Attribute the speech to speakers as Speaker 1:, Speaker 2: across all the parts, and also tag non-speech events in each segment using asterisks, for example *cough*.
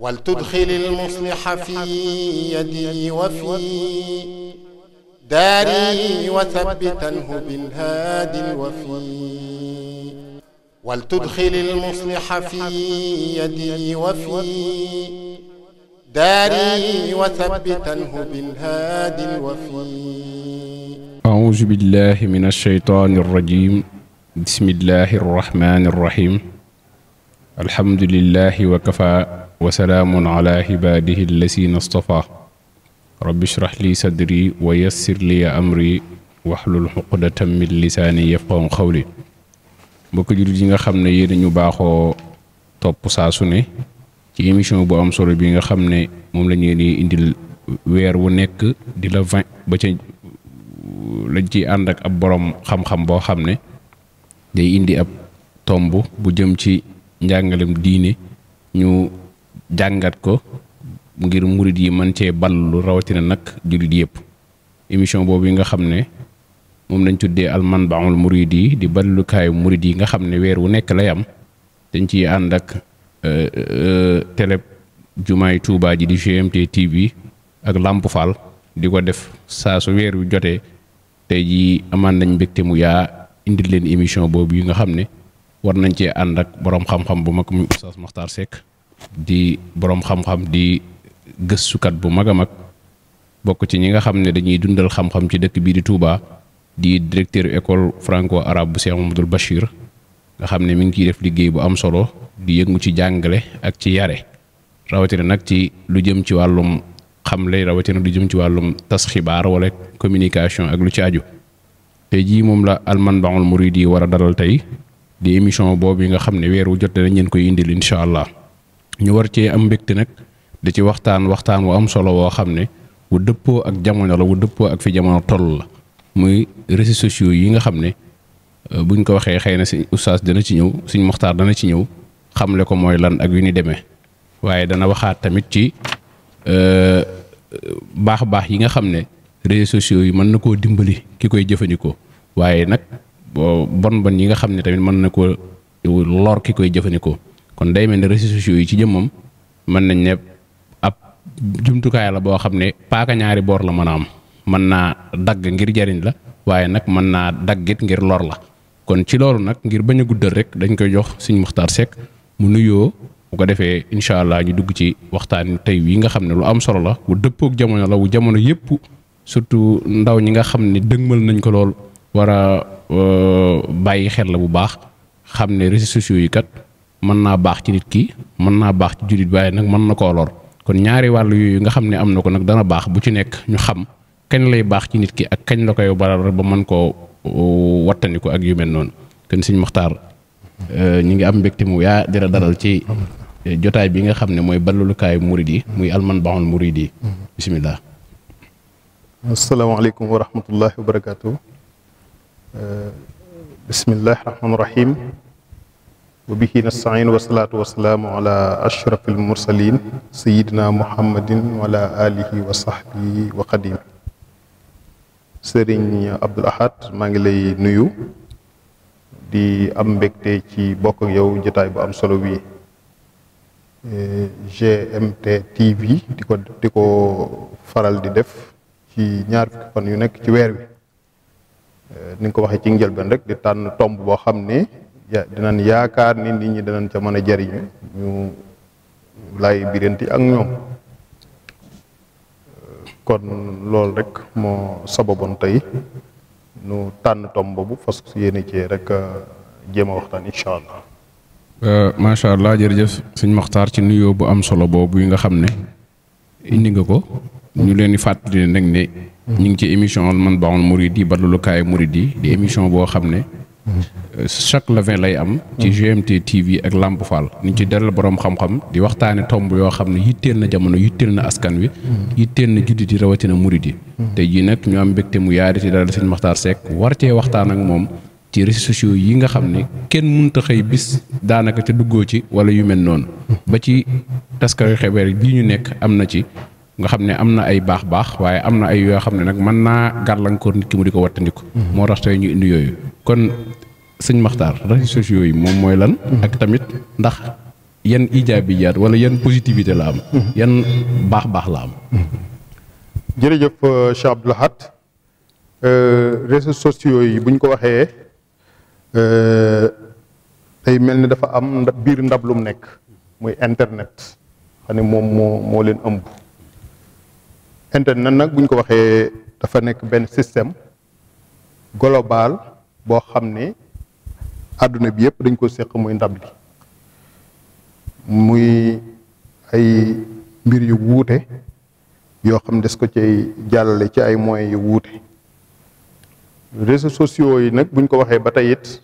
Speaker 1: ولتدخل المصلح في يدي وفي داري وثبتنه بالهادي الوفي ولتدخل المصلح في يدي وفي
Speaker 2: داري وثبتنه بالهادي
Speaker 1: الوفي
Speaker 2: أعوذ بالله من الشيطان الرجيم بسم الله الرحمن الرحيم الحمد لله وكفى wasalaamun ala ibaadihi allazina stafaa rabbi shrah li sadri wa yassir li amri waxlul xuqdatan min lisaani yafqahu xawli mbokk jullit yi nga xam ne yéen ñu baaxoo topp saa ne ci émission bu am solo bi nga xam ne moom la ñu indi weer wu nekk di la vingt ba ca lañ ciy ànd ak ab borom xam-xam boo xam ne day indi ab tomb bu jëm ci njàngalem diine ñu jàngat ko ngir murit yi mën cee ballu rawatina nag jullit yëpp émission boobu yi nga xam ne moom lañ tuddee almanbaul murit yi di ballukaayu murit yi nga xam ne weer wu nekk lay am dañ ciy ànd ak euh, euh, télé jumaay Touba ji di GMT TV ak Lamp Fall di ko def saa su weer wi jotee te ji amaan nañ mbégte mu yaa indil leen émission boobu yi nga xam ne war nañ cee ànd ak boroom xam-xam bu mag muy Oustaz Makhtar Seck di boroom xam-xam di gëstukat bu mag a mag bokk ci ñi nga xam ne dañuy dundal xam-xam ci dëkk bii di Touba di directeur école franco arabe bu Cheikh Mamadou Bachir nga xam ne mi ngi ciy def liggéey bu am solo di yëngu ci jàngale ak ci yare rawatina nag ci lu jëm ci wàllum xam lay rawatina lu jëm ci wàllum tas xibaar wala communication ak lu ci aju te jii moom la Al-Manbahoul Mouridi di wara dalal tey di émission boobu nga xam ne weer wu jot danañ koy indil incha allah. ñu war cee am mbégte nag da ci waxtaan waxtaan wu am solo woo xam ne wu dëppoo ak jamono la wu dëppoo ak fi jamono toll la muy réseaux sociaux yi nga xam ne euh, buñ ko waxee xëy na si oustaz dana ci ñëw suñ moxtaar dana ci ñëw xamle ko mooy lan ak yu ni demee waaye dana waxaat tamit ci euh, baax baax yi nga xam ne réseaux sociaux yi mën na koo dimbali ki koy jëfandikoo waaye nag bon bon yi nga xam ne tamit mën na koo lor ki koy jëfandikoo kon day mel ne réseaux sociaux yi ci jëmmam mën nañ ne ab jumtukaay la boo xam ne paaka ñaari boor la mën a am mën naa dagg ngir jariñ la waaye nag mën naa daggit ngir lor la kon ci loolu nag ngir bañ guddal rek dañ koy jox Sëriñ Muxtaar Sekk mu nuyoo bu ko defee incha allah ñu dugg ci waxtaan tey wi nga xam ne lu am solo la bu dëppook jamono la bu jamono yépp surtout ndaw ñi nga xam ne dëgmal nañ ko lool war a euh, bàyyi xel la bu baax xam ne réseaux kat mën naa baax ci nit ki mën naa baax ci jullit waaye nag mën na koo lor kon ñaari wàll yooyu nga xam ne am na ko nag dana baax bu ci nekk ñu xam kañ lay baax ci nit ki ak kañ la koy baral ba mën koo wattandiku ak yu mel noonu kon sëñ Muxtaar euh, ñu ngi am mbégte mu yaa dira dalal ci euh, jotaay bi nga xam ne mooy ballulukaayu murid yi muy almanbaxul murid yi bisimilah.
Speaker 1: asalaamaaleykum wa rahmatullahi wa barakaatu. Euh, bisimilah rahmaani rahim. wa bihi nastain wasalaatu wasalaamu ala ashraf almursalin sayidina muhammadin wa ala alihi wa sahbihi wa qadim sëriñ abdul ahad maa ngi lay nuyu di am mbégte ci bokk yow jotaay bu am solo bii GMT TV di ko ko faral di def ci ñaar fukki fan yu nekk ci weer wi ni ko waxee ci njëlbeen rek di tànn tomb boo xam ne dinañ yaakaar ni nit ñi danañ ca mën a jariñu ñu lay biranti ak ñoom kon loolu rek moo sababoon tey nu tànn tomb bu fas yéene ci rek uh, jéem a waxtaan incha allah.
Speaker 2: Uh, macha allah jërëjëf sëñ Maxtaar ci nuyoo bu am solo boobu yi nga xam ne indi nga ko ñu leen di fàttali nag ni ñu ngi ci émission man baaxul murid yi badlukaay murid yi di émission boo xam ne. Euh, chaque levin lay am. ci mm. GMT TV ak làmp Fall. ñu ci daral borom xam-xam di waxtaane tomb yoo xam ne yitteel na jamono yitteel na askan wi. Mm. yitteel na jullit yi rawatina murid yi. Mm. te jii nag ñu am mbégte mu yaari ci dalal sëñ Maxtaar Seck war cee waxtaan ak moom. ci réseaux yi nga xam ne kenn mënta xëy bis daanaka te duggoo ci wala yu mel noonu. ba ci taskari xibaar bii ñu nekk am na ci nga xam ne am na ay baax baax waaye am na ay yoo xam ne nag mën naa gàllankoor nit ki mu di ko wattandiku. Mhm. moo tax tey ñu indi yooyu. kon sëñ Maxtaar réseaux sociaux yi moom mooy lan. Mhm. ak tamit ndax yan ijaabiyaat wala yan positivité la am. Mhm. yan baax baax la am.
Speaker 1: jërëjëf euh, Cheikh Abdou Lahad euh, réseaux sociaux yi bu ko waxee euh, tey mel ni dafa am biir ndab lu mu nekk muy internet xam moom moo moo leen ëmb. internet nag buñ ko waxee dafa nekk benn système global boo xam ne àdduna bi yëpp dañ ko séq muy ndab li muy ay mbir yu wuute yoo xam des ko cay jàllale ci ay moyens yu wuute réseaux sociaux yi nag buñ ko waxee ba tey it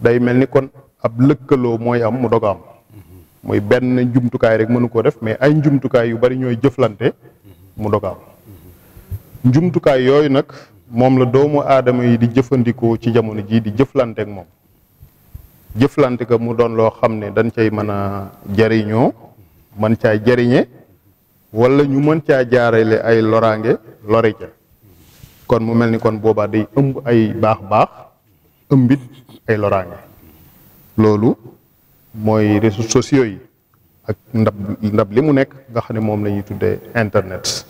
Speaker 1: day mel ni kon ab lëkkaloo mooy am mu dog am muy benn jumtukaay rek mënu ko def mais ay jumtukaay yu bari ñooy jëflante mu dog njumtukaay yooyu nag moom la doomu aadama yi di jëfandikoo ci jamono jii di jëflanteek moom jëflante mu doon loo xam ne dañ cay mën a jariñoo mën caa jariñe wala ñu mën caa jaarale ay loraange lore ca kon mu mel ni kon boobaa day ëmb ay baax-baax ëmbit ay loraange loolu mooy réseaux sociaux yi ak ndab li mu nekk nga xam ne moom la ñuy internet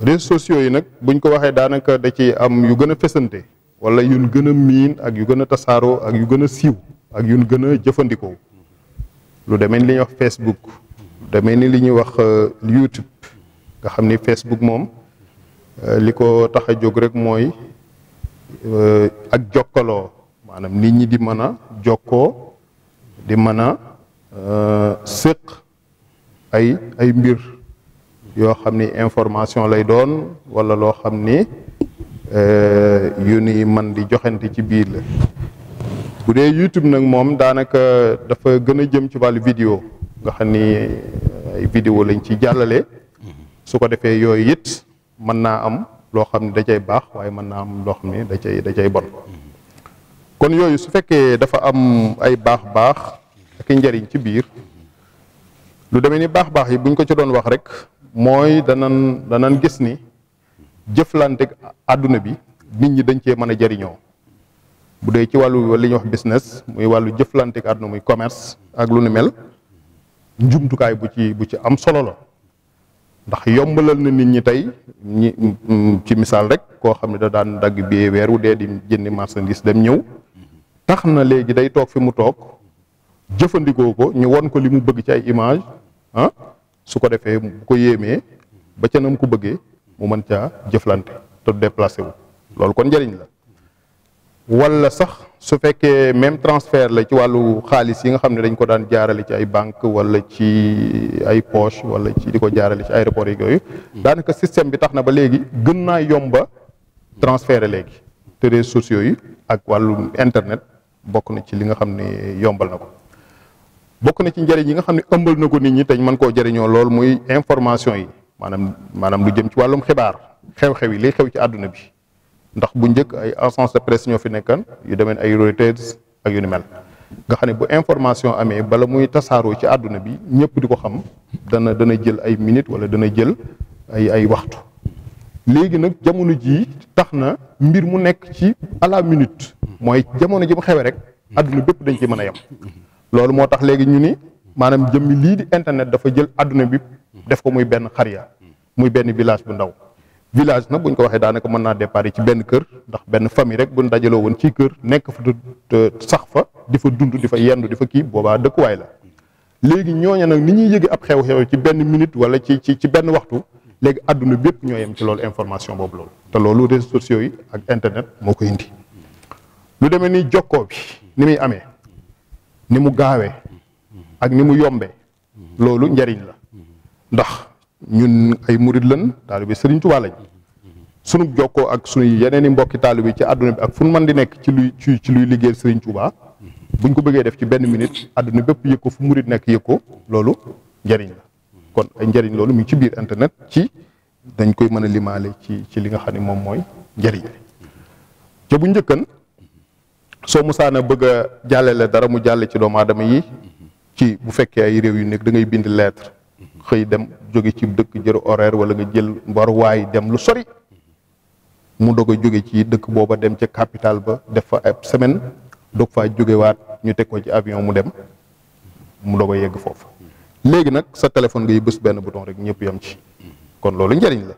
Speaker 1: réseaux sociaux yi nag buñ ko waxee daanaka da ci am yu gën a fesante wala yun gën a miin ak yu gën a tasaaroo ak yu gën a siiw ak yuñ gën a jëfandikoo lu demee ni li wax Facebook lu demee ni li ñuy wax euh, YouTube nga xam ni Facebook moom euh, li ko tax a jóg rek mooy euh, ak jokkaloo maanaam nit ñi di mën a jokkoo di mën a séq ay ay mbir yoo xam ni information lay doon wala loo xam ni euh, yu ni man di joxante ci biir la bu dee YouTube nag moom daanaka dafa gën a jëm ci wàllu vidéo nga ni euh, ay vidéo lañ ci jàllale su ko defee yooyu it mën naa am loo xam ne da baax waaye mën naa am loo xam ne da cay da cay bon kon yooyu su fekkee dafa am ay baax-baax ak njariñ ci biir lu demee ni baax-baax yi buñ ko ci doon wax rek mooy danan danan gis ni jëflante àdduna bi nit ñi dañ cee mën a jariñoo bu dee ci wàllu li ñuy wax business muy wàllu jëflante ak muy commerce ak lu nu mel njumtukaay bu ci bu ci am solo la ndax yombalal na nit ñi tey ñi ci misaal rek koo xam ne da daan dagg bi weer wu dee di jëndi marchandise dem ñëw tax na léegi day toog fi mu toog jëfandikoo ko ñu won ko li mu bëgg ci ay image ah, su ko defee ko yéemee ba ca nam ko bëggee mu mën caa jëflante te déplacé wu loolu kon njëriñ la walla sax su fekkee même transfert la ci wàllu xaalis yi nga xam ne dañ ko daan jaarale ci ay banque wala ci ay poche wala ci di ko jaarale ci aéroport yi yooyu daanaka système bi tax na ba léegi gën naa yomba transféré léegi te réseaux sociaux yi ak wàllu internet bokk na ci li nga xam ne yombal na ko bokk na ci njëriñ yi nga xam ne ëmbal na ko nit ñi te ñu mën koo jëriñoo lool muy information yi maanaam maanaam lu jëm ci wàllum xibaar xew-xew yi liy xew ci àdduna bi ndax bu njëkk ay agence de ñoo fi nekkan yu demeen ay Reuters ak yu nga xam ne bu information amee bala muy tasaaroo ci àdduna bi ñëpp di ko xam dana dana jël ay minutes wala dana jël ay ay waxtu léegi nag jamono jii tax na mbir mu nekk ci à la minute mooy jamono ji mu xewee rek àdduna bépp dañ ci mën a yem loolu moo tax léegi ñu ni maanaam jëmmi lii di internet dafa jël adduna bi def ko muy benn xariya muy benn village bu ndaw village na bu buñ ko waxee daanaka mën naa départ ci benn kër ndax benn famille rek nu dajaloo woon ci kër nekk fa sax fa di fa dund di fa yendu di fa kii boobaa dëkkuwaay la léegi ñooña nag ni ñuy yëge ab xew-xew ci benn minute wala ci ci ci benn waxtu léegi àdduna bépp ñoo yem ci loolu information boobu loolu te loolu réseaux sociaux yi ak internet moo ko indi demee ni jokkoo ni muy amee ni mu gaawee ak ni mu yombee loolu njariñ la ndax ñun ay murid lan taalibe Sëriñ Tuubaa lañ sunu jokkoo ak sunu yeneen i mbokki taalibe ci àdduna bi ak fu mën di nekk ci luy ci ci luy liggéeyal Sëriñ Tuubaa buñ ko bëggee def ci benn minute àdduna bépp yëg ko fu murid nekk yëg loolu njariñ la kon ay njariñ loolu mu ci biir internet ci dañ koy mën a limaale ci ci li nga xam ni moom mooy njariñ te bu njëkkan soo musaana bëgg a jàllale dara mu jàll ci doomu adama yi ci bu fekkee ay réew yu nekk da ngay bind lettre xëy dem jóge ci dëkk jël horaire wala nga jël mbaruwaay dem lu sori mu doog a jóge ci dëkk booba dem ca capital ba def fa ab semaine doog faa jógewaat ñu teg ko ci avion mu dem mu doog a yegg foofu léegi nag sa téléphone ngay bés benn bouton rek ñëpp yam ci kon loolu njëriñ la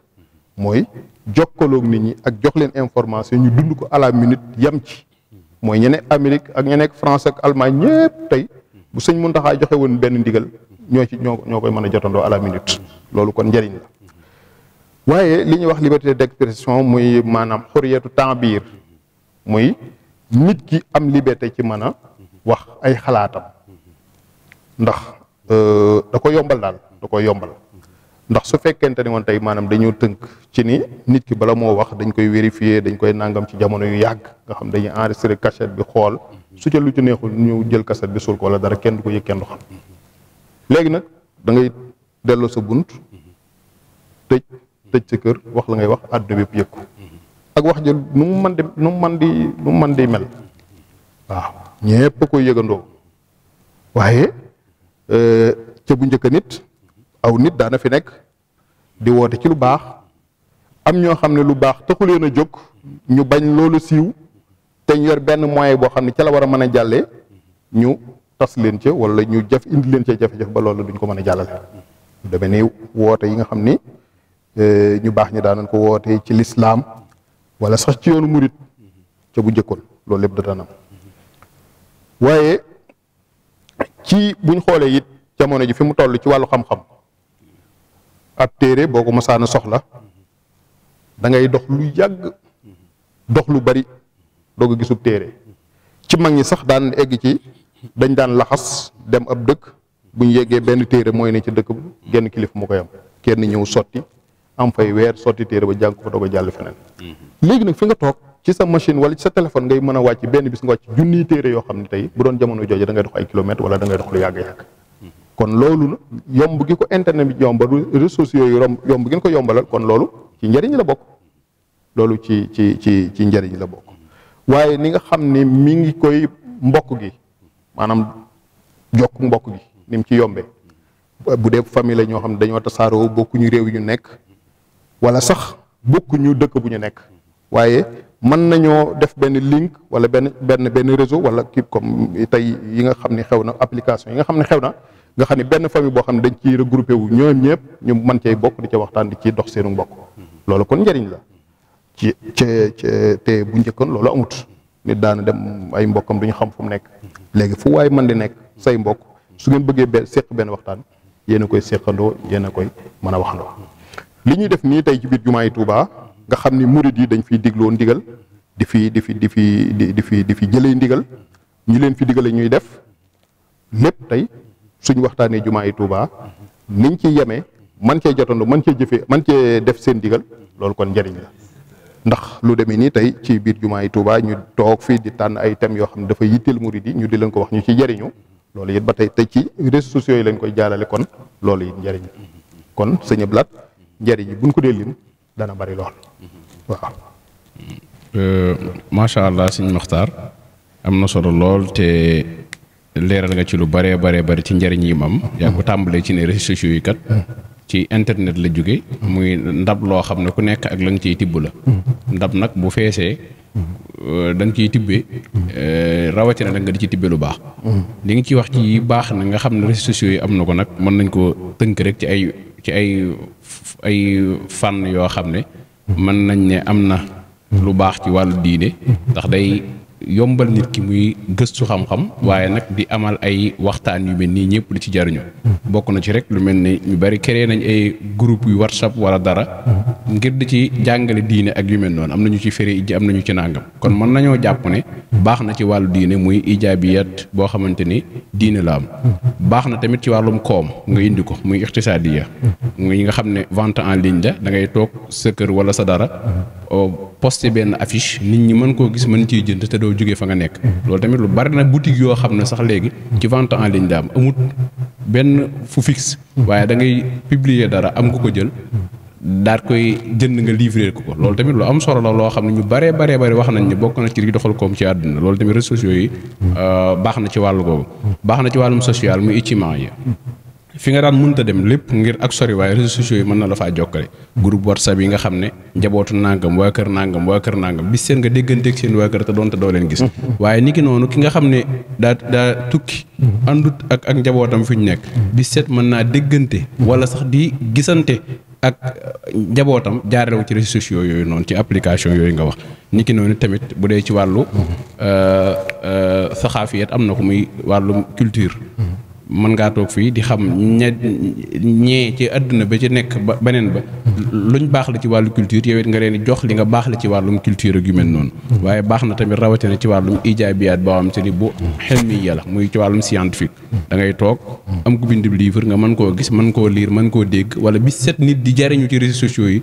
Speaker 1: mooy jokkaloog nit ñi ak jox leen information ñu dund ko à la minute ci mooy ñe Amérique ak ñe nekk France ak Allemagne ñëpp tey bu sëñ Muntaxa joxe woon benn ndigal ñoo ci ñoo ñoo koy mën a jotandoo à la minute loolu kon njëriñ la waaye li ñuy wax liberté d'expression muy maanaam xuriyatu ta'bir muy nit ki am liberté ci mën a wax ay xalaatam ndax euh, da ko yombal daal da ko yombal ndax su fekkente ni woon tey maanaam dañoo tënk ci ni nit ki bala moo wax dañ koy vérifier dañ koy nangam ci jamono yu yàgg nga xam dañuy enregistré cassette bi xool su ca lu ci neexul ñu jël cassette bi suul ko wala dara kenn du ko yëg kenn du xam léegi nag dangay delloo sa bunt tëj sa kër wax la ngay wax àdduna bépp yëg ko ak wax jël nu mu mën di nu mu mën di nu di mel waaw ñëpp koy yëgandoo waaye euh, ca bu njëkk nit aw nit daana fi nekk di woote ci lu baax am ñoo xam ne lu baax taxu leen a jóg ñu bañ loolu siiw te ñu yor benn moyen boo xam ne ca la war a mën a jàlle ñu tas leen ca wala ñu jaf indi leen ca jafe-jafe ba loolu duñ ko mën a jàllale. deme ni woote yi nga xam ni eh, ñu baax ñi daanan ko woote ci lislaam wala sax ci yoonu murit ca bu njëkkoon loolu lépp da daan waaye ci buñ xoolee it jamono ji fi mu toll ci wàllu xam-xam. ab téere boo ko mosaan a soxla da ngay dox lu yàgg dox lu bari doog a gisub téere ci mag ñi sax daan egg ci dañ daan laxas dem ab dëkk bu ñu yeggee benn téere mooy ne ci dëkk genn kilifa mu ko am kenn ñëw sotti am fay weer sotti téere ba jàng ko fa a jàll feneen. Mm-hmm. léegi nag fi nga toog ci sa machine wala ci sa téléphone ngay mën a wàcc benn bis nga wàcc junniy téere yoo xam ne tey bu doon jamono jooju da ngay dox ay kilomètres wala da dox lu yàgg kon loolu yomb gi ko internet bi yomba réseaux sociaux yooyu yomb yomb ko yombalal kon loolu ci njëriñ la bokk loolu ci ci ci ci njëriñ la bokk waaye ni nga xam ni mi ngi koy mbokk gi maanaam jokk mbokk gi ni ci yombee bu dee famille la ñoo xam ne dañoo tasaaroo bokkuñu réew yu ñu nekk wala sax bokkuñu dëkk bu ñu nekk waaye mën nañoo def benn link wala benn benn benn réseau wala kii comme tey yi nga xam ni xew na application yi nga xam ne xew na nga xam ne benn famille boo xam ne dañ ci regroupé wu ñoom ñëpp ñu mën cay bokk di ca waxtaan di ciy dox seenu mbokk loolu kon njëriñ la ci ci te bu njëkkan loolu amut nit daana dem ay mbokkam ñu xam fu mu nekk léegi foofu waay man di nekk say mbokk su ngeen bëggee benn séq benn waxtaan yéen a koy séqandoo yéen koy mën a waxandoo li ñuy def nii tey ci biir jumaa yi Tuubaa nga xam ni murit yi dañ fiy digloo ndigal di fi di fi di fi di fi di fi jëlee ndigal ñu leen fi digale ñuy def lépp tey suñ waxtaanee jumaa yi Touba niñ ci yemee man cee jotandoo man cee jëfee man cee def seen digal loolu kon njëriñ la ndax lu demee nii tey ci biir jumaa yi Touba ñu toog fii di tànn ay thèmes yoo xam ne dafa yitteel murid yi ñu di leen ko wax ñu ci jëriñu loolu it ba tey tey ci réseaux sociaux yi lañ koy jaalale kon loolu it njëriñ kon sëñ lat njariñ yi buñ ko dee lim dana bari lool waaw.
Speaker 2: Euh, macha allah sëñ Maxtaar am na solo lool te. leeral nga ci lu bëree bëree bëri ci njariñ yi mu am. yaa ko mm-hmm. tàmbalee ci ne réseaux sociaux yi kat. Mm-hmm. ci internet la jóge muy ndab loo xam ne ku nekk ak la nga ciy tibb la. Mm-hmm. ndab nag bu feesee. da nga ciy tibbee. Eh, rawatina nag nga di ci tibbee lu baax. li nga ciy wax ci baax na nga xam ne réseaux sociaux yi am na ko nag mën nañ koo tënk rek ci ay ci ay ay fànn yoo xam ne. mën nañ ne am na. lu baax ci wàll diine. ndax day. yombal nit ki muy gëstu xam-xam waaye nag di amal ay waxtaan yu mel nii ñëpp lu ci jariñu mm-hmm. bokk na ci rek lu mel ni ñu bari créé nañ ay groupe yu whatsapp wala dara mm-hmm. ngir di ci jàngale diine ak yu mel noonu am nañu ci firi yi am nañu ci nàngam kon mën nañoo jàpp ne baax na ci wàllu diine muy ijaabiyat boo xamante ni diine la am baax na tamit ci wàllum koom nga indi ko muy ixtisaadiya yi nga xam ne vente en ligne la da ngay toog sa kër wala sa dara poste benn affiche nit ñi mën koo gis mën ciy jënd te doo jóge fa nga nekk loolu tamit lu bari na boutique yoo xam ne sax léegi ci vente en ligne la am amut benn fu fixe waaye da ngay publier dara am ku ko jël daat koy jënd nga livré ko ko loolu tamit lu am solo la loo xam ne ñu baree baree bari wax nañ ne bokk na ci li doxal koom ci àdduna loolu tamit réseaux sociaux yi euh, baax na ci wàllu googu baax na ci wàllum social muy iciment yi fi nga daan mënta dem lépp ngir ak sori waaye réseaux sociaux yi mën na la faa jokkale groupe whatsapp yi nga xam ne njabootu nangam waa kër nangam waa kër nangam bis seen nga dégganteeg seen waa kër te doonte doo leen gis waaye ni ki noonu ki nga xam ne daa daa tukki àndut ak ak njabootam fi ñu nekk bis seet mën naa déggante wala sax di gisante ak njabootam jaarale ci réseaux sociaux yooyu noonu ci application yooyu nga wax niki noonu tamit bu dee ci wàllu euh, euh, saxaafiyat am na ko muy wàllum culture mën ngaa toog fii di xam ña ñee ci àdduna bi ci nekk beneen ba luñ baax la ci wàllu culture yow it nga leen di jox li nga baax la ci wàllum culture ak yu noonu waaye baax na tamit rawatina ci wàllum ijaabiyaat boo xam te ni bu xel mi yàlla muy ci wàllum scientifique dangay toog am ku bind livre nga mën koo gis mën koo liir mën koo dégg wala bi set nit di jariñu ci réseaux sociaux yi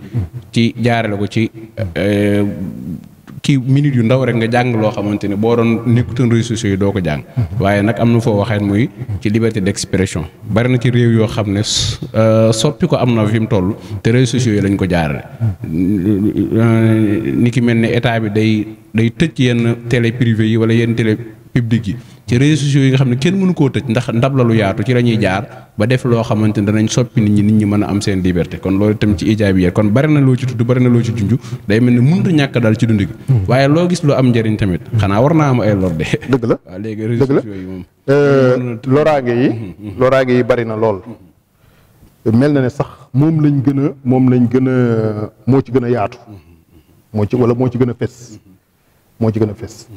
Speaker 2: ci jaarale ko ci euh, kii minute yu ndaw rek nga jàng loo xamante ni boo doon nekkutoon réseaux sociaux yi doo ko jàng. waaye nag am na foo waxee mooy ci liberté d'expression. bari na ci réew yoo xam ne euh, soppi ko am na fi mu toll te réseaux sociaux yi lañ ko jaarale. Euh, ni ki mel ni état bi day day tëj yenn télé privé yi wala yenn télé publique yi. ci réseaux sociaux yi nga xam ne kenn mënu koo tëj ndax ndab la lu yaatu ci la ñuy jaar ba def loo xamante ne danañ soppi nit ñi nit ñi mën a am seen liberté kon loolu itam ci ijaabi yéen kon bari na loo ci tudd bari na loo ci junj day mel ni mënut ñàkk daal ci dund gi hmm. waaye loo gis lu am njariñ tamit hmm. xanaa war naa am ay lor de
Speaker 1: dëgg la *laughs* léegi réseaux sociaux yi moom euh, loraange yi hmm, loraange bari na lool mel na ne sax moom lañ gën a moom lañ gën a moo ci gën a yaatu moo ci wala moo ci gën a fes moo ci gën a fes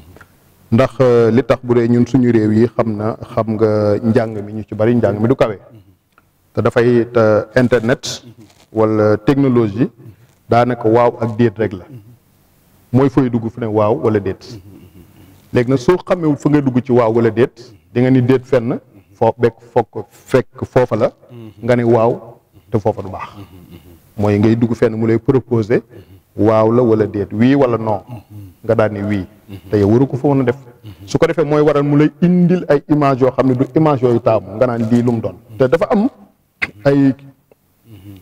Speaker 1: ndax euh, li tax bu dee ñun suñu réew yi xam na xam nga njàng mi ñu ci bari njàng mi du kawe te dafay internet wala technologie daanaka waaw ak déet rek la mooy fooy dugg fu ne waaw wala déet léegi nag su xamewul fu ngay dugg ci waaw wala déet di nga ni déet fenn foo bekk fokk fekk foofa la nga ne waaw te foofa du baax mooy ngay dugg fenn mu lay proposer waaw la wala déet wii wala non nga daan ni wii te waru ko fa woon a def su ko defee mooy waral mu lay indil ay image yoo xam ne du image yooyu taamu nga naan lii lu doon te dafa am ay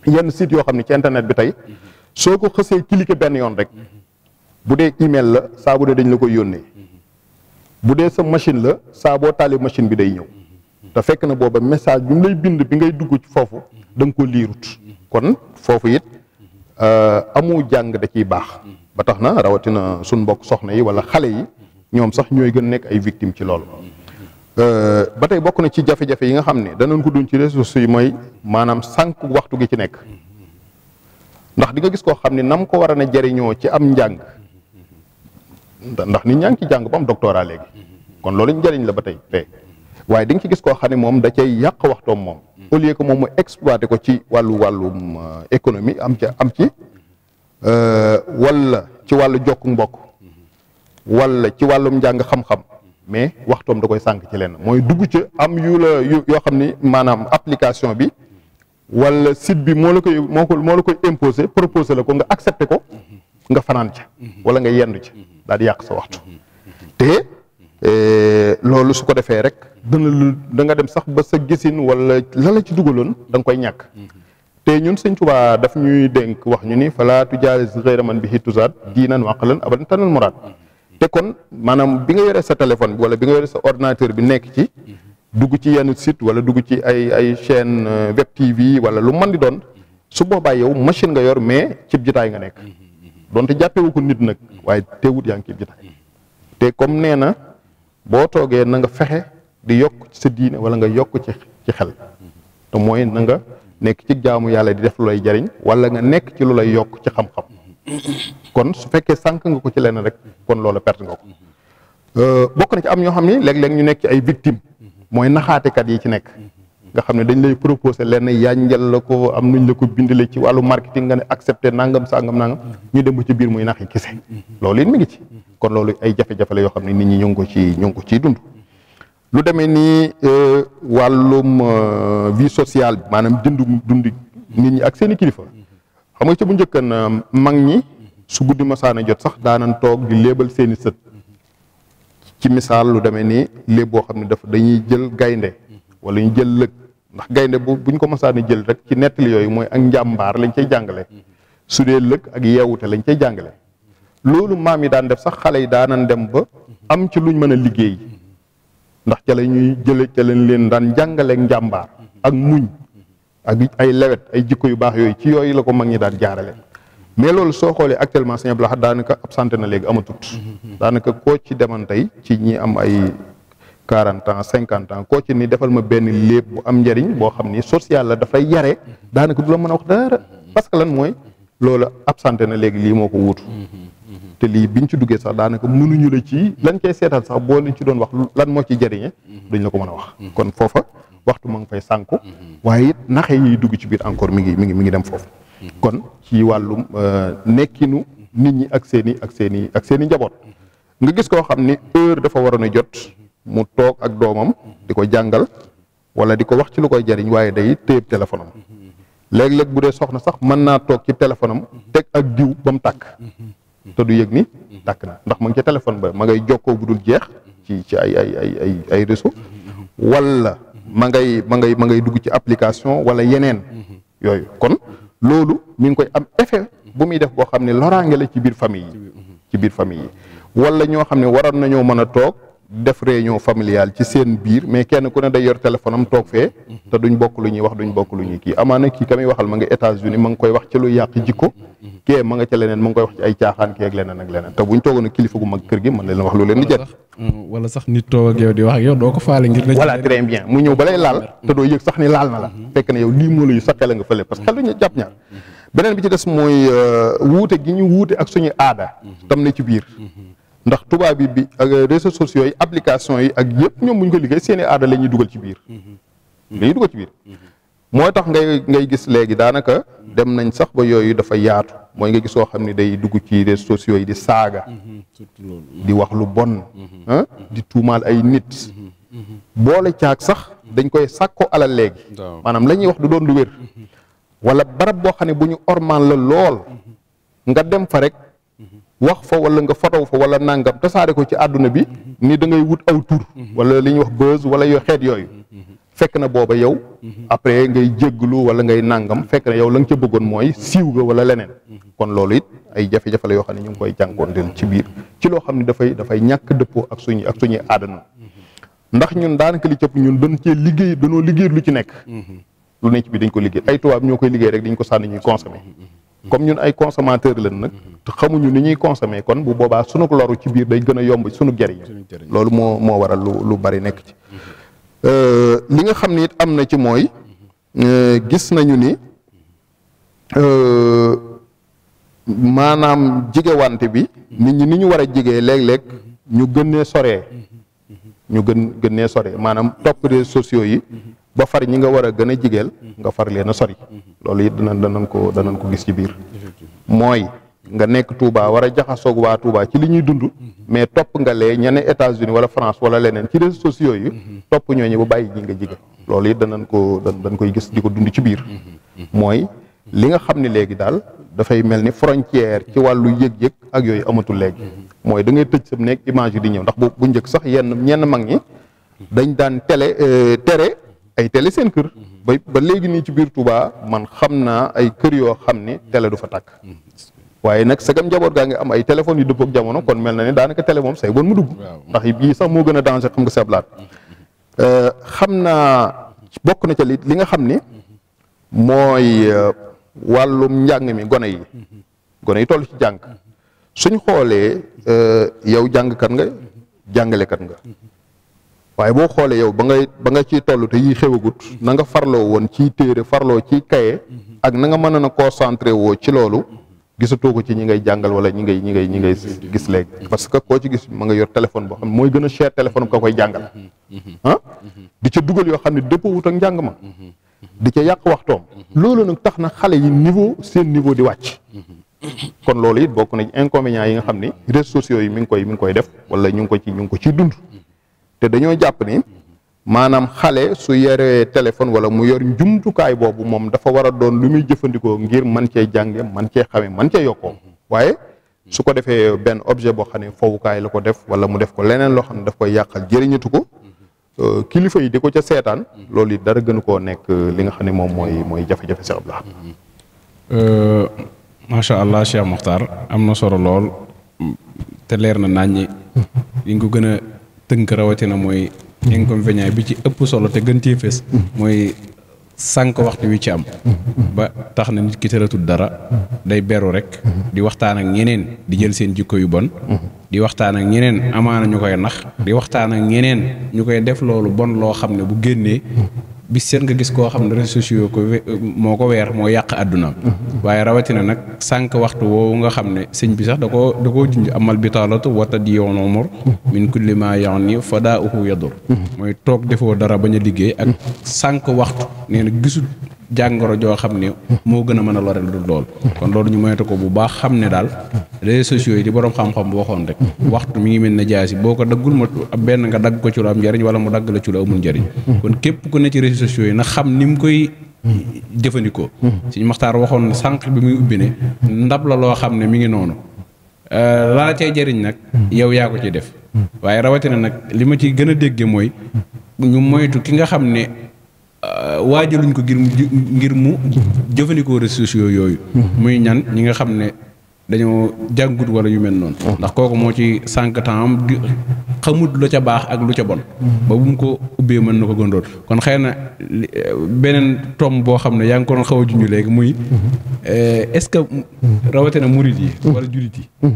Speaker 1: yenn site yoo xam ne ci internet bi tey soo ko xësee cliquer benn yoon rek bu dee email la saa bu dañu la koy yónnee bu dee sa machine la saaboo boo machine bi day ñëw te fekk na booba message bi mu lay bind bi ngay dugg ci foofu da nga ko liirut kon foofu it Euh, amu jàng da ciy baax ba tax na rawatina suñ mbokk soxna yi wala xale yi ñoom sax ñooy gën nekk ay victime ci loolu euh, ba tey bokk na ci jafe-jafe yi nga xam ne danañ ko duñ ci ressources si mooy maanaam sànq waxtu gi ci nekk ndax di nga gis koo xam ne nam ko war a na jariñoo ci am njàng ndax ni ñaa ngi ci jàng ba am doctorat léegi kon loolu njariñ la ba tey waaye di nga ci gis koo xam ne moom da cay yàq waxtoom moom mm-hmm. au lieu que moom mu exploité ko ci wàllu wàllum euh, économie am ca am ci euh, wala ci wàllu jokk mbokk mm-hmm. walla ci wàllum njàng xam-xam mais waxtoom da koy sànq ci lenn mooy dugg ca am yu la yoo xam ni maanaam application bi wala site bi moo la koy moo ko moo la koy imposé proposé la ko nga accepté ko mm-hmm. nga fanaan ca wala nga yendu ca daal di yàq sa waxtu te euh, loolu su ko defee rek dana da nga dem sax ba sa gisin wala la la ci dugaloon da nga koy ñàkk te ñun sëñ Tuubaa daf ñuy dénk wax ñu ni fala tujaalis ghayra man bihi tuzaad diinan wa aqlan abadan tanal muraad te kon maanaam bi nga yore sa téléphone bi wala bi nga yore sa ordinateur bi nekk ci dugg ci yenn sit wala dugg ci ay ay chaîne euh, web TV wala lu mën di doon su boobaa yow machine nga yor mais cib jitaay nga nekk donte jàppewu ko nit nag waaye teewut yaa ngi cib jitaay te comme nee na boo toogee na nga fexe di yokk ci sa diine wala nga yokk ci ci xel te mooy na nga nekk ci jaamu yàlla di def lu lay jariñ wala nga nekk ci lu lay yokk ci xam-xam kon su fekkee sànq nga ko ci lenn rek kon loola perte nga ko euh, bokk na am ñoo xam ni léeg ñu nekk ci ay victime mooy naxaatekat yi ci nekk nga xam ne dañ lay proposé lenn yànjal la ko am nuñ la ko bindale ci wàllu marketing nga ne accepté nangam sangam nangam ñu dem ba ci biir muy nax yi kese loolu it mi ngi ci kon loolu ay jafe-jafe la yoo xam ne nit ñi ñu ngi ko ci ñu ngi ko ciy dund lu demee ni euh, wàllum euh, vie sociale bi maanaam dund dund nit ñi ak seeni kilifa xam nga ca bu njëkkan mag ñi su guddi masaana jot sax daanan toog di léebal seen sët ci misaal lu demee nii léeb boo xam ne dafa dañuy jël gaynde walla ñu jël lëg ndax gaynde bu buñ ko masaana jël rek ci nettali yooyu mooy ak njàmbaar lañ cay jàngale su dee lëg ak yeewute lañ cay jàngale loolu maam yi daan def sax xale yi daanan dem ba am ci luñ mën a liggéey ndax ca la ñuy jële ca lañ leen daan jàngaleek njàmbaar ak muñ ak ay lewet ay jikko yu baax yooyu ci yooyu la ko mag ñi daan jaarale mais loolu soo xoolee actuellement sëñ Abdou Lahad daanaka absenté na léegi amatut daanaka koo ci deman tey ci ñi am ay quarante ans cinquante ans koo ci ni defal ma benn léeb bu am njariñ boo xam ni social la dafay yare daanaka du la mën a wax dara parce que lan mooy loolu absenté na léegi lii moo ko wuutu te lii biñ ci duggee sax daanaka mënuñu la ci lañ koy seetaan sax boo lañ ci doon wax lan moo ci jëriñe dañu la ko mën a wax mm-hmm. kon foofa waxtu ma ngi fay sànku mm-hmm. waaye it naxe yi dugg ci biir encore mi ngi mi ngi mi ngi dem foofu mm-hmm. kon ci wàllum euh, nekkinu nit ñi ak seeni i ak seen i ak seen i njaboot nga gis koo xam ni heure dafa waroon a jot mu toog ak doomam di ko jàngal walla di ko wax ci lu koy jariñ waaye day téyeb téléphone am léeg bu dee soxna sax mën naa toog ci téléphone am teg ak diw ba mu te du yëg ni tàkk na ndax ma ngi ca téléphone ba ma ngay jokkoo bu dul jeex ci ci ay ay ay ay ay réseau wala ma ngay ma ngay ma ngay dugg ci application wala yeneen yooyu kon loolu mi ngi koy am effet bu muy def boo xam ne loraange la ci biir famille yi ci biir famille yi wala ñoo xam ne waroon nañoo mën a toog def réunion familiale ci seen biir mais kenn ku ne day yor téléphone am toog fee te duñ bokk lu ñuy wax duñ bokk lu ñuy kii amaana kii ka muy waxal ma nga états koy wax ci lu yàq jikko kee ma nga ca leneen ma nga koy wax ci ay caaxaan kii ak leneen ak leneen te buñ toogoon ak kilifa gu mag kër gi mën na leen wax lu leen di jët
Speaker 2: mm, wala sax nit toog ak di wax ak yow doo ko faale ngir
Speaker 1: ba lay laal te doo yëg sax ni laal na la mm-hmm. fekk mm-hmm. bi ci des mooy euh, wuute gi ñu wuute ak suñu aada mm-hmm. tam ne ci biir ndax tubaab yi bi ak euh, réseaux sociaux yi application yi ak yëpp ñoom bu ñu ko liggéey seeni aada la dugal ci biir mm-hmm. Mm-hmm. la ñuy dugal ci biir mm-hmm. mooy tax ngay gis léegi daanaka dem nañ sax ba yooyu dafa yaatu mooy nga gis soo xam ne day dugg ci réseaux sociaux yi di saaga di wax lu bon ah? di tuumaal ay nit boole caag sax dañ koy sàkko alal léegi maanaam la wax du doon lu wér wala barab boo xam ne bu ñu ormaan la lool nga dem fa rek wax fa wala nga fotow fa wala nangam tasaare ko ci àdduna bi ni da ngay wut aw tur wala li ñuy wax buzz wala yoo xeet yooyu fekk na booba yow après ngay jégglu wala ngay nangam fekk na yow la nga ca bëggoon mooy siiw ga wala leneen kon loolu it ay jafe-jafe la yoo xam ne ñu ngi koy jànkoonteel ci biir ci loo xam ne dafay dafay ñàkk dëppoo ak suñu ak suñuy àdduna ndax ñun daanaka li cëpp ñun dañ cee liggéey dañoo liggéey lu ci nekk mm-hmm. lu ne ci biir dañ ko liggéey ay tubaab ñoo koy liggéey rek dañ ko sànni ñuy consommer comme ñun ay consommateur lañ nag mhm. te xamuñu ni ñuy consommer kon bu boobaa sunu loru ci biir day gën a yomb sunu jariñ loolu moo moo waral lu lu bari nekk ci mhm. euh, li nga xam ni it am na ci mooy mhm. euh, gis nañu ni euh, maanaam jigewante bi nit ñi ni ñu war a jigee léeg-léeg ñu gënee soree ñu gën gën nee soree maanaam topp réseaux sociaux yi ba far ñi nga war a gën a jigéel nga far leen a sori mhm. loolu it danañ danañ ko danañ ko gis ci biir mooy nga nekk Touba war a jaxasoog waa Touba ci li ñuy dund mhm. mais topp nga lee ñene unis wala France wala leneen ci réseaux sociaux yi mhm. topp ñooñu ba bàyyi ñi nga jige loolu it danañ ko dañ koy gis di ko dund ci biir mooy li nga xam ni léegi daal dafay mel ni frontière ci wàllu yëg-yëg ak yooyu amatul léegi mooy da ngay tëj sam nekk image di ñëw ndax bu bu njëkk sax yenn ñenn mag ñi dañ daan télé euh, tere ay télé seen kër. Mhm. ba ba léegi nii ci biir Touba man xam naa ay kër yoo xam ni télé du fa takk mhm. waaye nag sagam njaboot gaa ngi am ay téléphones yu dëppoo ak jamono kon mel na ne daanaka télé moom say bon mu dugg. ndax bii sax moo gën a danger xam nga seeblaat. Mhm. Euh, xam naa bokk na ca li nga xam ni mooy euh, wàllum njàng mi gone yi. gone yi toll ci jàng suñ xoolee euh, yow jàngkat nga jàngalekat nga. waaye boo xoolee yow ba ngay ba nga ci toll te yi xewagut na nga farloo woon ci téere farloo ci kaye ak na nga mën a na concentré woo ci loolu gisatoo ko ci ñi ngay jàngal wala ñi ngay ñi ngay ñi ngay gis léegi parce que koo ci gis ma nga yor téléphone boo xam ne mooy gën a cher téléphone ka koy jàngal ah di ca dugal yoo xam ne dëpp wut ak njàng ma di ca yàq waxtoom loolu nag tax na xale yi niveau seen niveau di wàcc kon loolu it bokk na inconvénients yi nga xam ni réseaux sociaux yi mi ngi mi ngi koy def wala ñu ngi ko ci ñu ngi ko ciy dund te dañoo jàpp ni maanaam xale su yoree téléphone wala mu yor njumtukaay boobu moom dafa war a doon lu muy jëfandikoo ngir man cee jànge man cee xame man cee yokkoo waaye su ko defee benn objet boo xam ne fowukaay la ko def wala mu def ko leneen loo xam ne dafa koy yàqal jëriñatu ko euh, kilifa yi di ko ca seetaan loolu it dara gënu koo nekk euh, li nga xam ne moom mooy mooy jafe-jafe Cheikh Abdou Lahad
Speaker 2: euh, macha allah Cheikh Mokhtar am na solo lool te leer na naññi li nga ko gën a tënk rawatina mooy inconvénient bi ci ëpp solo te gën cee mooy sànq waxtu wi ci am ba tax na nit ki tëratul dara day beru rek di waxtaan ak ñeneen di jël seen jikko yu bon di waxtaan ak ñeneen amaana ñu koy nax di waxtaan ak ñeneen ñu koy def loolu bon loo xam ne bu génnee bis seen nga gis koo xam ne réseaux sociaux ko moo ko weer moo yàq àdduna waaye rawatina nag sànq waxtu woowu nga xam ne sëñ bi sax da koo da koo junj amal bitaalatu wata di yoon umur min kulli ma yaani fadaa uhu yadur hmm. mooy toog defoo dara bañ a liggéey ak sànq waxtu nee na jàngoro joo xam ne moo gën a mën a lore lu lool kon loolu ñu moytu ko bu baax xam ne daal réseaux sociaux yi di borom xam-xam bu waxoon rek waxtu mi ngi mel ne jaasi boo ko daggul ma benn nga dagg ko ci am njëriñ wala mu dagg la ci lu amul kon képp ku ne ci réseaux sociaux yi na xam ni mu koy jëfandikoo suñu maxtaar waxoon sànq bi muy ubbi ne ndab la loo xam ne mi ngi noonu euh, laa cay jëriñ nag yow yaa ko ciy def waaye rawatina nag li ma ci gën a dégge mooy ñu ne waa euh, waajaluñ ko ngir mu ngir mu jëfandikoo ressources yooyu. Mm-hmm. muy ñan ñi nga xam ne dañoo jàngut wala yu mel noonu. Mm-hmm. ndax kooku moo ci sànq temps am xamut lu ca baax ak lu ca bon. Mm-hmm. ba bu mu ko ubbee mën na ko gëndoon kon xëy na euh, beneen tom boo xam ne yaa ngi ko doon xaw a junj léegi muy. Euh, est-ce que rawatina murit yi. wala julit yi.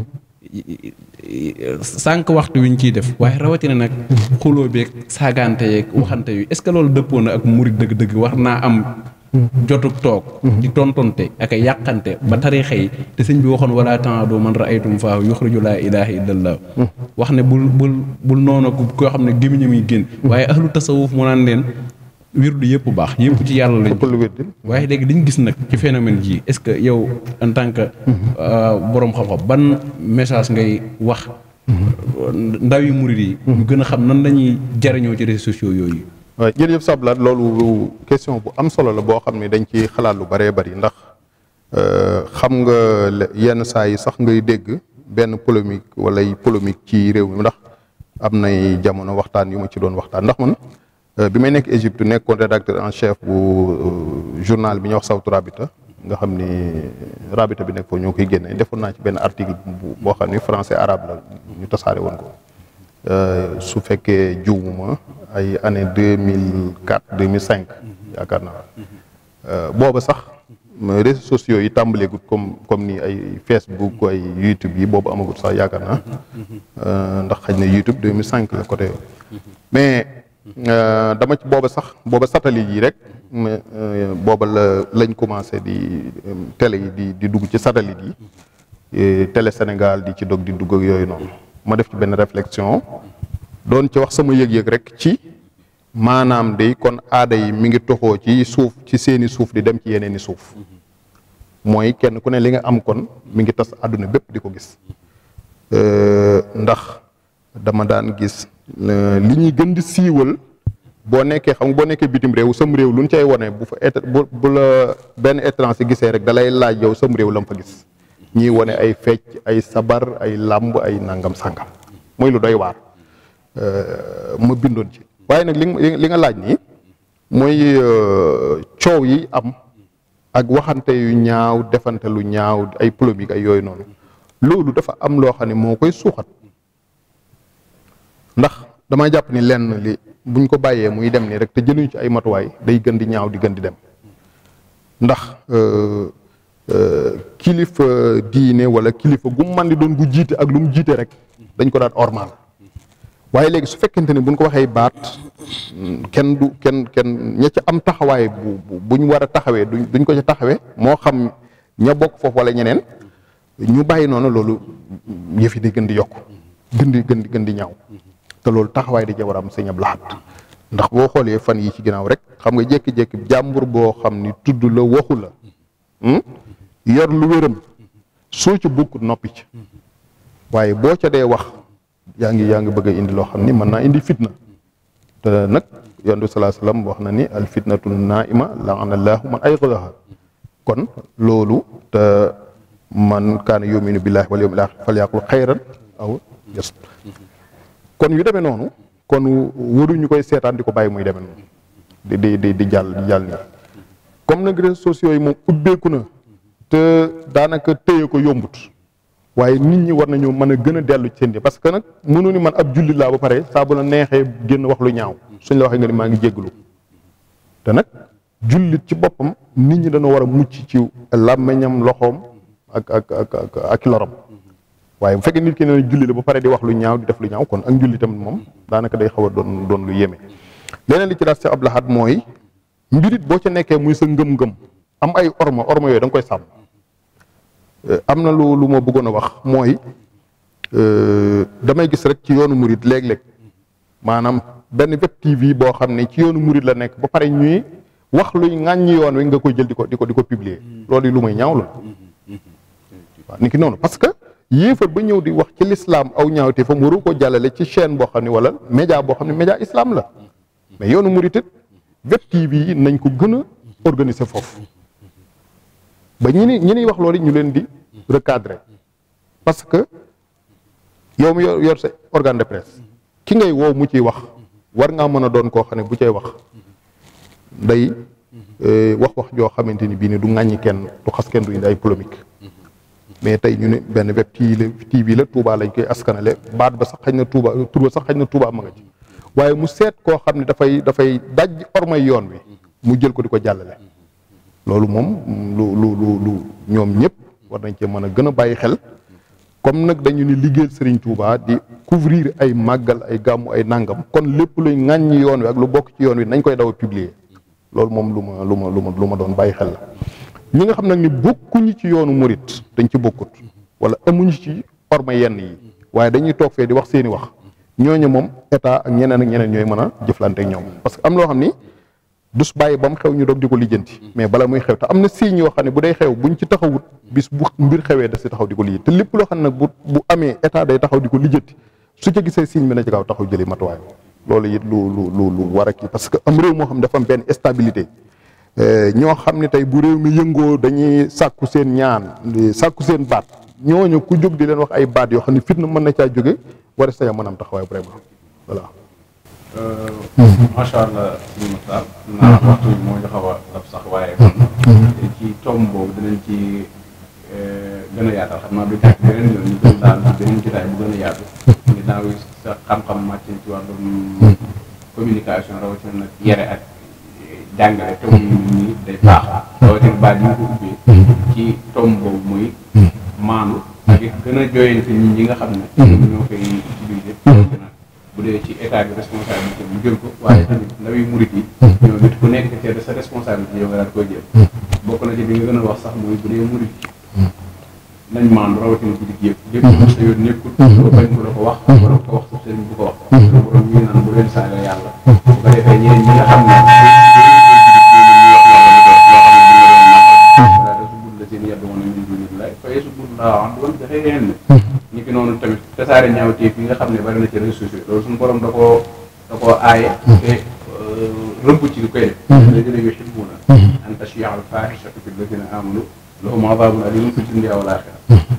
Speaker 2: sànq waxtu wi ñu ciy def waaye rawatina nag xuloo beeg saagante yeeg waxante yu est-ce que loolu dëppoo na ak murit dëgg-dëgg war naa am jotuk toog di tontonte ak a yàqante ba tariixa yi te sëñ bi waxoon wala taado man raaytum faahu yuxriju laa ilaaha illallah wax ne bul bul bul noonu ko koo xam ne gémmiñam yi génn waaye ahlu tasawuf mu naan leen wirdu yëpp baax yëpp ci yàlla lañ waaye léegi dañ gis nag ci phénomène ji est-ce que yow en tant que euh, boroom xam-xam ban message ngay wax ndaw yi murid yi ñu gën a xam nan
Speaker 1: lañuy jariñoo ci réseaux sociaux yooyu waaw sablaat loolu question bu am solo la boo xam ne dañ ci xalaat lu bëree bëri ndax euh, xam nga yenn saa yi sax ngay dégg benn polémique wala polémique ci réew mi ndax am nay jamono waxtaan yu ma ci doon waxtaan ndax man Euh, bi may nekk Égypte nekkoon rédacteur en chef bu euh, journal bi ñuy wax Sawtu Rabita nga xam ni euh, Rabita bi nekk foofu ñoo koy génne defoon naa ci benn article boo xam ni français arabe la ñu tasaare woon ko su fekkee juumuma ay années deux mille quatre deux cinq yaakaar naa booba sax réseaux sociaux yi tàmbaleegut comme comme nii ay Facebook ay YouTube yi boobu amagut sax yaakaar naa ndax xaj na YouTube deux mille cinq la côté mais Euh, dama ci booba sax booba satellite yi rek euh, booba la lañ commencé di euh, télé yi di di dugg ci satellite yi télé Sénégal di ci dog di dugg ak yooyu noonu ma def ci benn réflexion doon ci wax sama yëg-yëg rek ci maanaam day kon aada yi mi ngi toxoo ci suuf ci seeni suuf di dem ci yeneeni suuf mooy kenn ku ne li nga am kon mi ngi tas àdduna bépp di ko gis ndax dama daan gis li ñuy gën di siiwal boo nekkee xam nga boo nekkee bitim réew sam réew lu ñu cay wane bu fa bu benn étranger gisee rek dalay laaj yow sam réew la mu wane ay fecc ay sabar ay làmb ay nangam sangam mooy lu doy waar euh, ma bindoon ci waaye nag li nga laaj nii mooy euh, coow yi am ak waxante yu ñaaw defante ñaaw ay polémique ay yooyu noonu loolu dafa am loo xam ne moo koy suuxat ndax damay jàpp ni lenn li buñ ko bàyyee muy dem nii rek te jëluñu ci ay matuwaay day gën di ñaaw di gën di dem ndax euh, euh, kilifa diine wala kilifa gu man di doon gu jiite ak lu mu jiite rek dañ ko daan ormal waaye léegi su fekkente ni buñ ko waxee baat kenn du kenn kenn ña ci am taxawaay bu buñ war a taxawee duñ ko ca taxawee moo xam ña bokk foofu wala ñeneen ñu bàyyi noonu loolu yëf yi di gën di yokk gën gën di gën di ñaaw te loolu taxawaay da ca war a am sëñ ndax boo xoolee fan yi ci ginnaaw rek xam nga jékki-jékki jàmbur boo xam ni tudd la waxu la hmm, yor lu wéram soo ci bukk noppi waaye boo ca dee wax yaa ngi yaa ngi bëgg indi loo xam ni mën naa indi fitna te nag yoon bi salaa salaam wax na ni al fitnatu naaima laana allahu man ayqadaha kon loolu te man kaana yuminu billahi wal yawmil axir falyaqul xayran aw kon yu demee noonu kon waruñu koy seetaan di ko bàyyi muy demee noonu di di di di jàll di jàll nii comme nag réseaux sociaux yi moom ubbeeku na te daanaka téye ko yombut waaye nit ñi war nañoo mën a gën a dellu ci seen parce que nag mënu ni man ab jullit laa ba pare saa bu neexee génn wax lu ñaaw suñ la waxee nga ni maa ngi jégalu te nag jullit ci boppam nit ñi dañoo war a mucc ci làmmiñam loxoom ak ak ak ak lorom waaye bu fekkee nit ki ne julli la ba pare di wax lu ñaaw di def lu ñaaw kon ak julli tamit moom daanaka day xaw a doon doon lu yeme leneen li ci daal si Abdou Lahad mooy mbirit boo ci nekkee muy sa ngëm-ngëm am ay orma orma yooyu da koy sàmm euh, am na lu lu ma bëggoon a wax mooy euh, damay gis rek ci yoonu murit léeg-léeg maanaam benn web TV boo xam ne ci yoonu murit la nekk ba pare ñuy wax luy ŋàññi yoon wi nga koy jël di ko di ko di ko publier mm-hmm. loolu lu may ñaaw yéefar ba ñëw di wax ci lislaam aw ñaawte fa mu waru ko jàllale ci chaîne boo xam ne wala média boo xam ne média islam la mais yoonu murit it web TV yi nañ ko gën a organiser foofu ba ñi ni wax loolu ñu leen di recadrer parce que yow mu yor yor organe de presse ki ngay wow mu ciy wax war ngaa mën a doon koo xam ne bu cee wax day eh, wax wax joo xamante ni bii ni du ŋàññi kenn du xas kenn du indi ay polémique mais tey ñu ne benn web TV la Touba lañ koy askanale baat ba sax xëy na Touba tur ba sax xëy na Touba ma nga ci waaye mu seet koo xam ne dafay dafay daj ormay yoon wi mu jël ko di ko jàllale. loolu moom lu lu lu lu ñoom ñëpp war nañ cee mën a gën a bàyyi xel comme nag dañu ni liggéeyal Serigne di couvrir ay màggal ay gàmmu ay nàngam kon lépp luy ŋàññi yoon wi ak lu bokk ci yoon wi nañ koy daw a loolu moom lu ma lu ma lu ma lu ma doon bàyyi xel la. ñi nga xam nag ni bokkuñu ci yoonu murit dañ ci bokkut wala amuñu ci orma yenn yi waaye dañuy toog fee di wax seeni wax ñooñu moom état ak ñeneen ak ñeneen ñooy mën a jëflante ak ñoom parce que am loo xam ni dus bàyyi ba xew ñu doog ko lijjanti mais bala muy xew te am na signes yoo xam ne bu day xew buñ ci taxawut bis bu mbir xewee da si taxaw di ko te lépp loo xam ne nag bu amee état day taxaw di ko su ca gisee signe bi na ci gaaw taxaw jëli matuwaay loolu it lu lu lu lu war a kii parce am réew moo xam dafa am benn stabilité Eh, ñoo xam ne tey bu réew mi yëngoo dañuy sàkku seen ñaan sàkku seen baat ñooñu ku jóg di leen wax ay baat yoo xam ne fitna mën na caa jóge war a sa mën a am taxawaay vraiment voilà.
Speaker 2: Euh, macha allah xaw a mm-hmm. Mm-hmm. ci tomb boobu dinañ ci euh, gën a yaatal xam naa du ñàkk beneen yoon ñu gën a mm-hmm. ci wàllum nag yere ak jàngale tomb nii day baax rawatina baat yi nga ko ubbee ci tomb boobu muy mm-hmm. maanu ak it gën a jooyante ñi ñi nga xam ne mm-hmm. ñoo koy utilisé mm-hmm. bu dee ci état bi responsabilité mu jël ko waaye tamit ndawi murit yi ñoom nit ku nekk te sa responsabilité yow nga daal koy jël bokk na ci bi nga gën a wax sax mooy bu dee murit yi nañ maandu rawatina guddi gi yëpp yëpp sa yoon nekkul loo bañ ko la ko wax wala ko wax sa sëriñ bu ko wax borom ñuy naan bu leen saaga yàlla bu ko defee ñeneen ñi nga xam ne leneen la ñu mhm. ki noonu tamit tasaare ñaawteef bi nga xam ne bari na ci réseaux sociaux loolu suñu borom da koo da koo aaye mhm. te euh, rëbb ci li koy def mhm. alladina yuhibbuna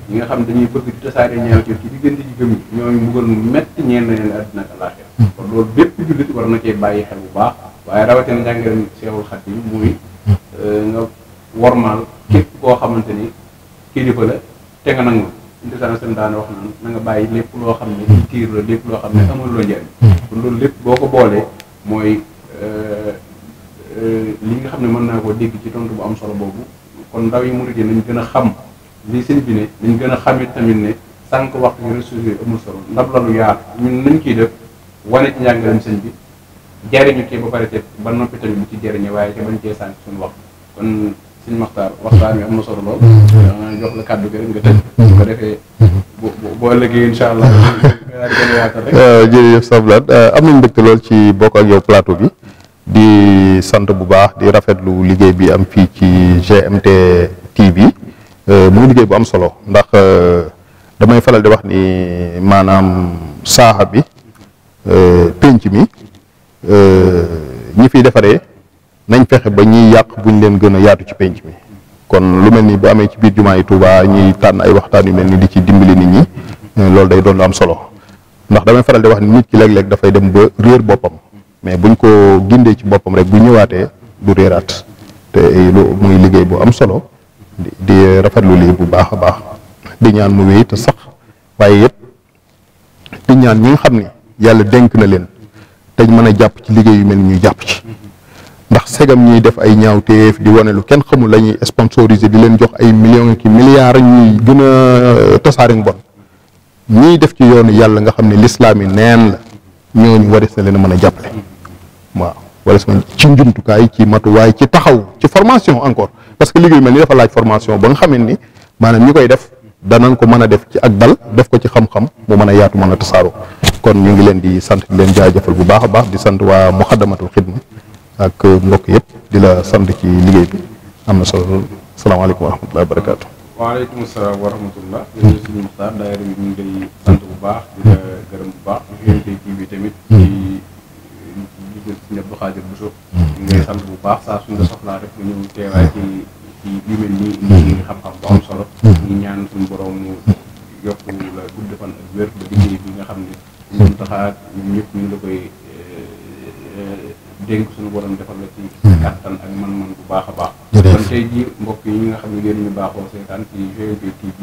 Speaker 2: ñi nga xam dañuy bëgg di tasaare ñaawteef ci diggante ji gëm yi ñooñu mbugal mu métti ñeen na leen àddina ak alaxira loolu bépp jullit war na cee bàyyi xel bu baax waaye rawatina njàngaleem Seexul yi muy euh, nga wormaal képp koo xamante ni kilifa la te nga nangu nte san sam wax na nga bàyyi lépp loo xam ne ci tiir lépp loo xam ne amul loo njëriñ hmm. loolu lépp boo ko boolee mooy euh, euh, li nga xam ne mën naa koo dégg ci tontu bu am solo boobu kon ndaw yi murid yi nañ gën a xam li sëñ bi ne nañ gën a xamit tamit ne sànq waxtu yi ressources amul solo ndab la lu yaatu ñun nañ kiy def wane ci njàngaleem sëñ bi jariñu ci ba pare te ba noppi tamit bu ci jariñe waaye ca bañ cee sànq suñu wax kon suñu maxtaar waxtaan bi am na solo lool. maanaam mm-hmm. jox la kàddu gi rek nga tëj. boo mm-hmm. ëllëgee incha allah. Mm-hmm. *laughs* Uh,
Speaker 1: jërëjëf Sablaat uh, am nañ mbégte lool ci bokk ak yow plateau bi di sant bu baax di rafetlu liggéey bi am fii ci GMT TV uh, mu ngi liggéey bu am solo ndax damay falal di wax ni maanaam saaxa bi penc mi ñi fiy defaree. nañ fexe ba ñiy yàq ñu leen gën a yaatu ci penc mi kon lu mel nii bu amee ci biir jumaa yi Touba ñuy tànn ay waxtaan yu mel ni di ci dimbali nit ñi eh, loolu day doon lu am solo ndax damay faral di wax ni nit ki léeg-léeg dafay dem ba réer boppam mais buñ ko gindee ci boppam rek bu ñëwaatee du réeraat te eh, lu muy liggéey bu am solo di di rafetlu lii bu baax a baax di ñaan mu wéy te sax waaye it di ñaan ñi nga xam ni yàlla denk na leen te mën a jàpp ci liggéey yu mel ni ñu jàpp ci. ndax segam ñuy def ay ñaawteef di wane lu kenn xamul la ñuy sponsoriser di leen jox ay millions ki milliards ñuy gën a euh, tasaare ñuy def ci yoonu yàlla nga xam ne lislaam yi neen la ñooñu waris na leen mën a jàppale waaw waris na ci njumtukaay ci matuwaay ci taxaw ci formation encore parce que liggéey mel ni dafa laaj formation ba nga xamee ni maanaam ñi koy def danañ ko mën a def ci ak dal def ko ci xam-xam mu mën a yaatu mën a tasaaroo kon ñu ngi leen di sant di leen bu baax a baax di sant waa muxaddamatul xidma ak mbokk yëpp di la sant ci liggéey bi am na solo loolu salaamaaleykum wa rahmatulah wa barakaatu.
Speaker 2: waaleykum salaam wa rahmatulah. jërëjëf suñu Muxtaar daayira bi ñu ngi lay sant bu baax di gërëm bu baax. Hmm. di leen tey bi tamit. di di suñu Abdou Xaadir ñu ngi sant bu baax saa suñu la soxlaa rek ñu ñëw teewaay ci ci yu nii. ñu hmm. ngi xam-xam bu am solo. ñu hmm. ñaan suñu borom mu yokk la gudd fan ak ba liggéey bi nga xam ne. ñoom taxaat ñun ñu ngi la koy. Eh, eh, dénk suñu borom defal la ci mm-hmm. kàttan ak mën-mën bu baax a baax kon tey ji mbokk yi nga xam ne yéen ñu baaxoo seetaan ci GOB TV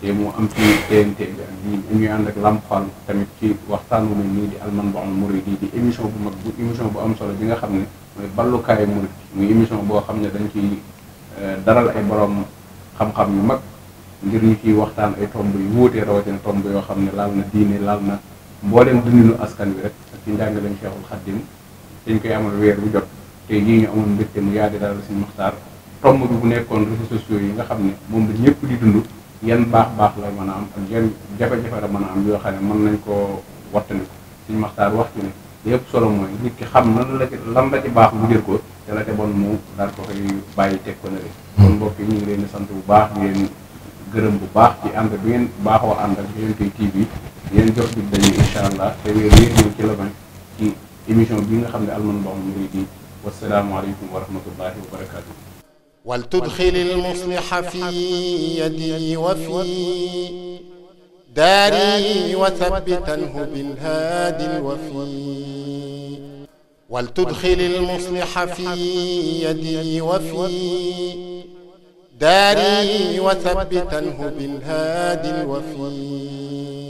Speaker 2: te mu am ci TNT bi ak ñu ñuy ànd ak Lamp Fall tamit ci waxtaan wu mel nii di Al-Manbahoul Mouridi di émission bu mag bu émission bu am solo bi nga xam ne mooy ballukaayu murid muy émission boo xam ne dañ ciy eh, daral ay borom xam-xam yu mag ngir ñu ciy waxtaan ay tomb yu wuutee rawatina tomb yoo xam ne laal na diine laal na mbooleem dundinu askan wi rek ak ci njàngaleem Cheikhul Khadim dañ koy amal weer bu jot tey jii ñu amoon mbégte mu yaadi daal suñu maxtaar tomb bi bu nekkoon réseaux sociaux yi nga xam ne moom la ñëpp di dund yan baax-baax la mën am ak yan jafe-jafe la mën a am yoo xam ne mën nañ koo wattandiku suñu maxtaar wax ci ne solo mooy nit ki xam nan la ci lan la baax mu jël ko te la te bon mu daal ko koy bàyyi teg ko nële kon mbokk ñu ngi leen sant bu baax di leen gërëm bu baax ci ànd bi ngeen baaxoo ànd ak Guéwél Paye TV yéen jox dig dañuy incha allah te weer yéen ñëw ci la bañ ci émission bi nga xam ne Almane Ba mu ngi nii wasalaamualeykum wa rahmatullahi wa barakaatu.
Speaker 1: wal tudxil al musliha fi yadi wa fi daari wa thabbitanhu bil haadi al wafi. wal tudxil al musliha fi yadi wa fi. داري وثبتنه بالهادي الوفي